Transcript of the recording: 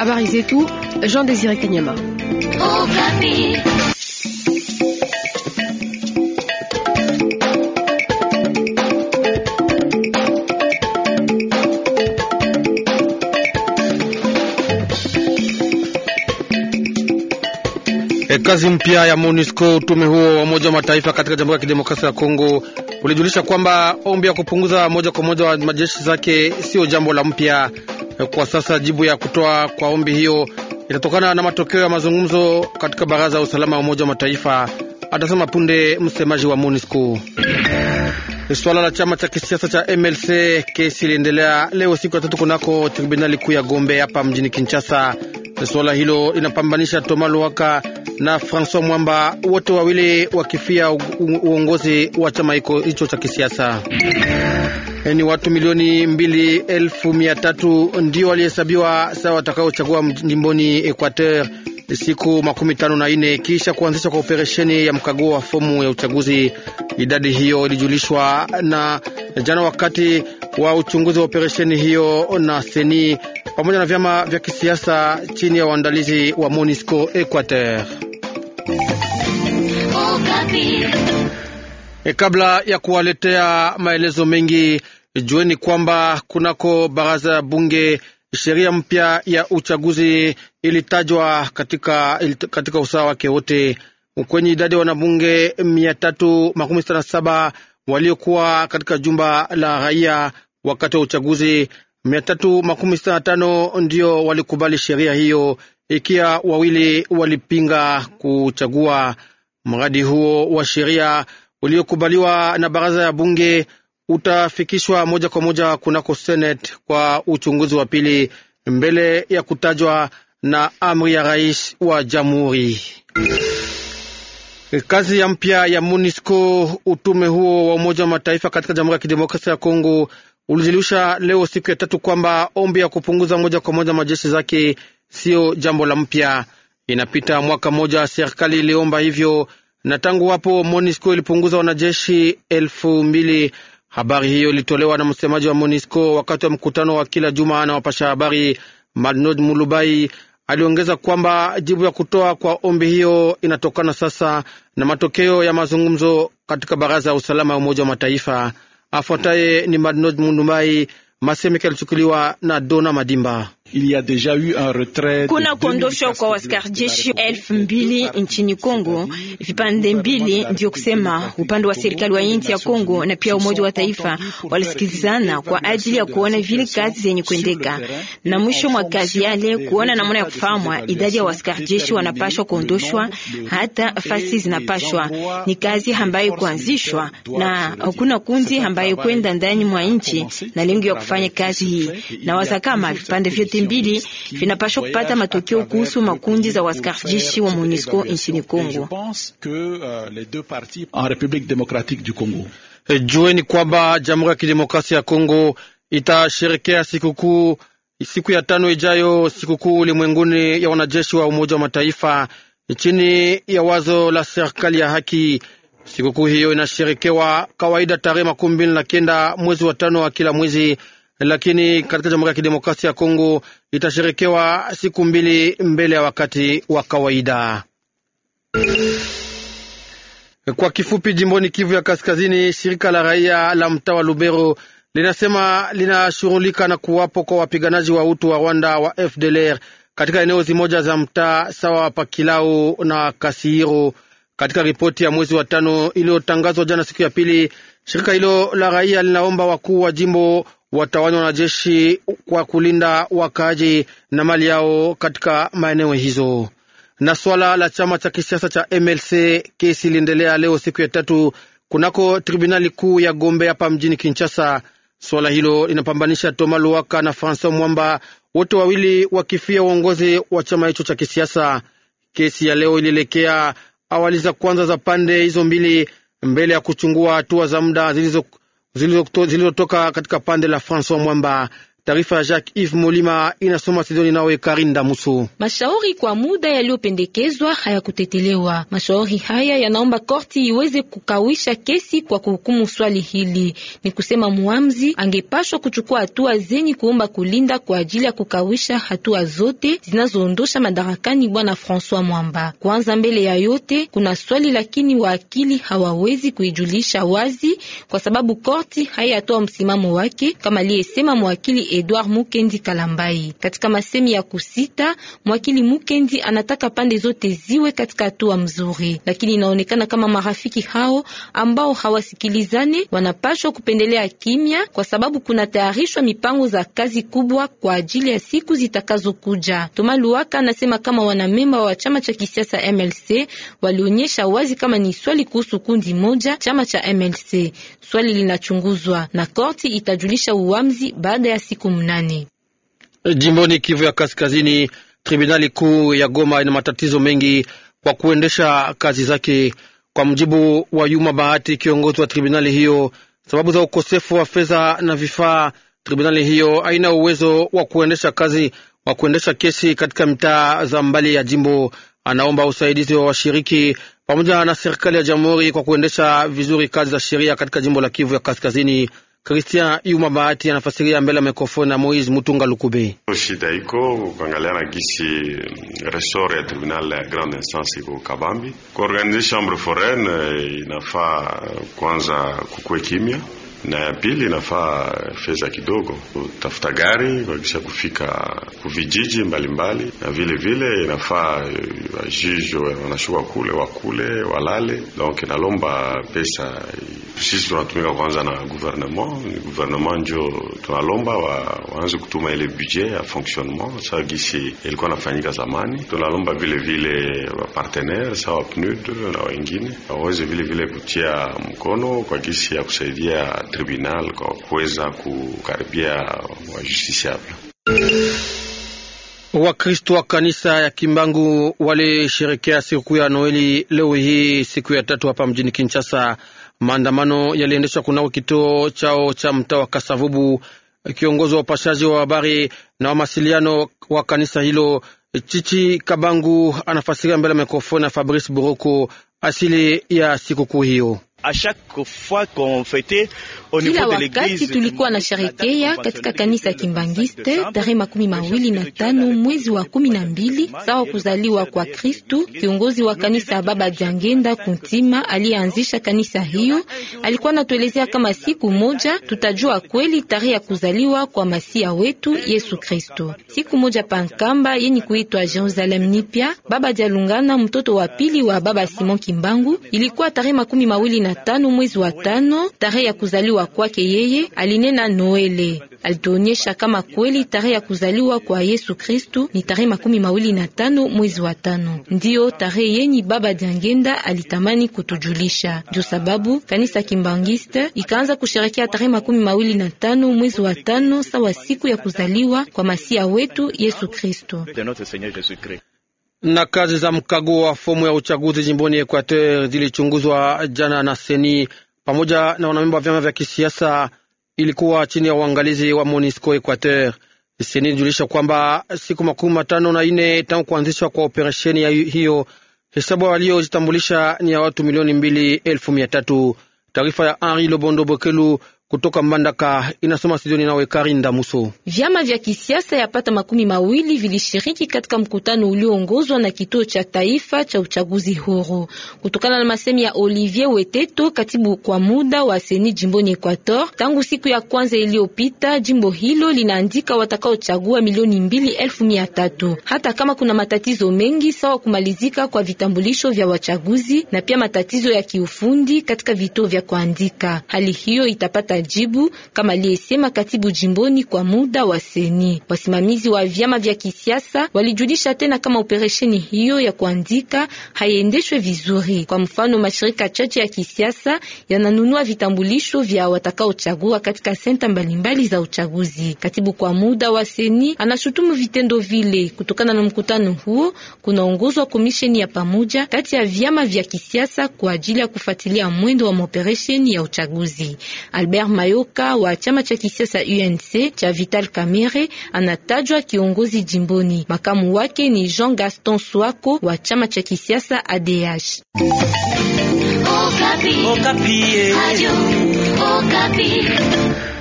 Habari zetu Jean Desire Kanyama. E, kazi mpya ya MONUSCO, tume huo wa Umoja wa Mataifa katika Jamhuri ya Kidemokrasia ya Kongo ulijulisha kwamba ombi ya kupunguza moja kwa moja wa majeshi zake sio jambo la mpya. Kwa sasa jibu ya kutoa kwa ombi hiyo itatokana na matokeo ya mazungumzo katika baraza ya usalama wa Umoja wa Mataifa, atasema punde msemaji wa MONUSCO. Swala la chama cha kisiasa cha MLC kesi iliendelea leo siku ya tatu kunako tribunali kuu ya Gombe hapa mjini Kinshasa. Swala hilo linapambanisha Toma Luwaka na François Mwamba, wote wawili wakifia uongozi wa chama hicho cha kisiasa. Eh, ni watu milioni mbili elfu mia tatu ndio walihesabiwa sawa watakaochagua jimboni Equateur siku makumi tano na ine kisha kuanzisha kwa operesheni ya mkaguo wa fomu ya uchaguzi. Idadi hiyo ilijulishwa na jana wakati wa uchunguzi wa operesheni hiyo na seni pamoja na vyama vya kisiasa chini ya uandalizi wa Monisco Equateur. E, kabla ya kuwaletea maelezo mengi, jueni kwamba kunako baraza ya bunge sheria mpya ya uchaguzi ilitajwa katika, katika usawa wake wote kwenye idadi ya wanabunge mia tatu makumi sita na saba waliokuwa katika jumba la raia wakati wa uchaguzi mia tatu makumi sita na tano ndio walikubali sheria hiyo, ikiwa wawili walipinga kuchagua Mradi huo wa sheria uliokubaliwa na baraza ya bunge utafikishwa moja kwa moja kunako Senate kwa uchunguzi wa pili mbele ya kutajwa na amri ya rais wa jamhuri. Kazi ya mpya ya MONUSCO, utume huo wa Umoja wa Mataifa katika Jamhuri ya Kidemokrasia ya Kongo ulizilusha leo siku ya tatu kwamba ombi ya kupunguza moja kwa moja majeshi zake siyo jambo la mpya. Inapita mwaka mmoja serikali iliomba hivyo na tangu hapo MONUSCO ilipunguza wanajeshi elfu mbili. Habari hiyo ilitolewa na msemaji wa MONUSCO wakati wa mkutano wa kila juma na wapasha habari. manod Mulubai aliongeza kwamba jibu ya kutoa kwa ombi hiyo inatokana sasa na matokeo ya mazungumzo katika baraza ya usalama ya Umoja wa Mataifa. Afuataye ni manod Mulubai, masemeke alichukuliwa na Dona Madimba. Il y a deja eu un retrait. Kuna kuondoshwa kwa askari jeshi elfu mbili nchini Kongo, vipande mbili ndio kusema upande wa serikali wa nchi ya Kongo na pia Umoja wa Taifa walisikizana kwa ajili ya kuona vile kazi zenye kuendeka, na mwisho mwa kazi yale kuona namna ya kufahamwa idadi ya askari jeshi wanapashwa kuondoshwa, hata fasi zinapashwa. Ni kazi ambayo kuanzishwa na kuna kundi ambayo kwenda ndani mwa nchi na lengo ya kufanya kazi hii, na wazakama vipande vyote hizi mbili vinapaswa kupata matokeo kuhusu makundi za waskari jeshi wa MONUSCO nchini Kongo. Jueni kwamba Jamhuri ya Kidemokrasia ya Kongo itasherekea sikukuu siku ya tano ijayo, sikukuu ulimwenguni ya wanajeshi wa Umoja wa Mataifa chini ya wazo la serikali ya haki. Sikukuu hiyo inasherekewa kawaida tarehe makumi mbili na kenda mwezi wa tano wa kila mwezi lakini katika Jamhuri ya Kidemokrasia ya Kongo itasherekewa siku mbili mbele ya wakati wa kawaida. Kwa kifupi, jimboni Kivu ya Kaskazini, shirika la raia la mtaa wa Lubero linasema linashughulika na kuwapo kwa wapiganaji wa utu wa Rwanda wa FDLR katika eneo zimoja za mtaa sawa Pakilau na kasiiro Katika ripoti ya mwezi wa tano iliyotangazwa jana siku ya pili, shirika hilo la raia linaomba wakuu wa jimbo watawanya wanajeshi kwa kulinda wakaaji na mali yao katika maeneo hizo. Na swala la chama cha kisiasa cha MLC, kesi iliendelea leo siku ya tatu kunako tribunali kuu ya Gombe hapa mjini Kinshasa. Swala hilo linapambanisha Toma Luwaka na Francois Mwamba, wote wawili wakifia uongozi wa chama hicho cha kisiasa. Kesi ya leo ilielekea awali za kwanza za pande hizo mbili mbele ya kuchungua hatua za muda zilizo zilizotoka katika pande la Francois Mwamba Taarifa ya Jacques Yves Molima inasoma Sidoni nawe Karinda Muso. Mashauri kwa muda yaliyopendekezwa hayakutetelewa. Mashauri haya yanaomba korti iweze kukawisha kesi kwa kuhukumu swali hili. Ni kusema muamzi angepashwa kuchukua hatua zenye kuomba kulinda kwa ajili ya kukawisha hatua zote zinazoondosha madarakani bwana François Mwamba. Kwanza mbele ya yote, kuna swali lakini waakili hawawezi kuijulisha wazi kwa sababu korti hayatoa msimamo wake kama aliyesema mwakili Edward Mukendi Kalambai. Katika masemi ya kusita, mwakili Mukendi anataka pande zote ziwe katika hatua mzuri, lakini inaonekana kama marafiki hao ambao hawasikilizane wanapashwa kupendelea kimya, kwa sababu kunatayarishwa mipango za kazi kubwa kwa ajili ya siku zitakazokuja. Toma Luaka anasema kama wanamemba wa chama cha kisiasa MLC walionyesha wazi kama ni swali kuhusu kundi moja chama cha MLC. Swali linachunguzwa na korti, itajulisha uamuzi baada ya siku siku mnani. Jimboni Kivu ya Kaskazini, tribunali kuu ya Goma ina matatizo mengi kwa kuendesha kazi zake. Kwa mjibu wa Yuma Bahati, kiongozi wa tribunali hiyo, sababu za ukosefu wa fedha na vifaa, tribunali hiyo haina uwezo wa kuendesha kazi wa kuendesha kesi katika mitaa za mbali ya jimbo. Anaomba usaidizi wa washiriki pamoja na serikali ya jamhuri kwa kuendesha vizuri kazi za sheria katika jimbo la Kivu ya Kaskazini. Christian Yuma Bahati anafasiria mbele ya mikrofoni na Moise Mutunga Lukube. Shida iko kuangalia na gisi resort ya tribunal ya grande instance iko Kabambi, kuorganize chambre foraine inafaa kwanza kukue kimya na ya pili inafaa fedha kidogo utafuta gari kuhakikisha kufika kuvijiji mbalimbali, na vile vile inafaa eh, wajijo wanashuka kule wakule walale. Donc nalomba pesa sisi tunatumika kwanza na gouvernement. Ni gouvernement njo tunalomba wa, waanze kutuma ile budget ya fonctionnement sawa gisi ilikuwa nafanyika zamani. Tunalomba vile vile wa partenaire sawa PNUD na wengine waweze vile vile kutia mkono kwa gisi ya kusaidia tribunal kwa kuweza kukaribia wajustisiable. Wakristo wa kanisa ya Kimbangu walisherekea siku ya Noeli leo hii siku ya tatu hapa mjini Kinshasa. Maandamano yaliendeshwa kunako kituo chao cha mtaa wa Kasavubu. Kiongozi wa upashaji wa habari na wa masiliano wa kanisa hilo Chichi Kabangu anafasiria mbele ya mikrofoni ya Fabrice Buroko asili ya sikukuu hiyo. Kila wakati tulikuwa na sharekea katika kanisa ya Kimbangiste tarehe makumi mawili na tano mwezi wa kumi na mbili sawa kuzaliwa kwa Kristu. Kiongozi wa kanisa ya Baba Jangenda Kuntima aliyeanzisha kanisa hiyo alikuwa anatuelezea kama siku moja tutajua kweli tarehe ya kuzaliwa kwa masia wetu Yesu Kristu. Siku moja pankamba yenye kuitwa Jerusalem nipya, Baba Jalungana mtoto wa pili wa Baba Simon Kimbangu ilikuwa tarehe makumi mawili na na tano mwezi wa tano, tarehe ya kuzaliwa kwake yeye, alinena Noele. Alituonyesha kama kweli tarehe ya kuzaliwa kwa Yesu Kristu ni tarehe makumi mawili na tano mwezi wa tano, ndiyo tarehe yenyi Baba Diangenda alitamani kutujulisha. Ndio sababu kanisa Kimbangiste ikaanza kusherekea tarehe makumi mawili na tano mwezi wa tano sawa siku ya kuzaliwa kwa Masia wetu Yesu Kristu na kazi za mkago wa fomu ya uchaguzi jimboni Equateur zilichunguzwa jana na Seni pamoja na wanamemba wa vyama vya kisiasa. Ilikuwa chini ya uangalizi wa Monisco Equateur. Seni ilijulisha kwamba siku makumi matano na ine tangu kuanzishwa kwa operesheni hiyo, hesabu waliojitambulisha ni ya watu milioni mbili elfu mia tatu. Taarifa ya Henri Lobondo Bokelu kutoka Mbandaka inasoma studioni nawe Karinda Muso. Vyama vya kisiasa ya pata makumi mawili vilishiriki katika mkutano ulioongozwa na kituo cha taifa cha uchaguzi huru. Kutokana na masemi ya Olivier Weteto, katibu kwa muda wa seni jimboni Equator, tangu siku ya kwanza iliyopita, jimbo hilo linaandika watakaochagua milioni mbili elfu mia tatu hata kama kuna matatizo mengi sawa kumalizika kwa vitambulisho vya wachaguzi na pia matatizo ya kiufundi katika vituo vya kuandika. Hali hiyo itapata majibu kama aliyesema katibu jimboni kwa muda wa seni. Wasimamizi wa vyama vya kisiasa walijulisha tena kama operesheni hiyo ya kuandika haiendeshwe vizuri. Kwa mfano, mashirika chache ya kisiasa yananunua vitambulisho vya watakaochagua katika senta mbalimbali za uchaguzi. Katibu kwa muda wa seni anashutumu vitendo vile. Kutokana na mkutano huo, kunaongozwa komisheni ya pamoja kati ya vyama vya kisiasa kwa ajili ya kufuatilia mwendo wa maoperesheni ya uchaguzi. Albert Mayoka wa chama cha kisiasa UNC cha Vital Kamerhe anatajwa kiongozi jimboni. Makamu wake ni Jean Gaston Swako wa chama cha kisiasa ADH. Okapi. Okapi. Eh.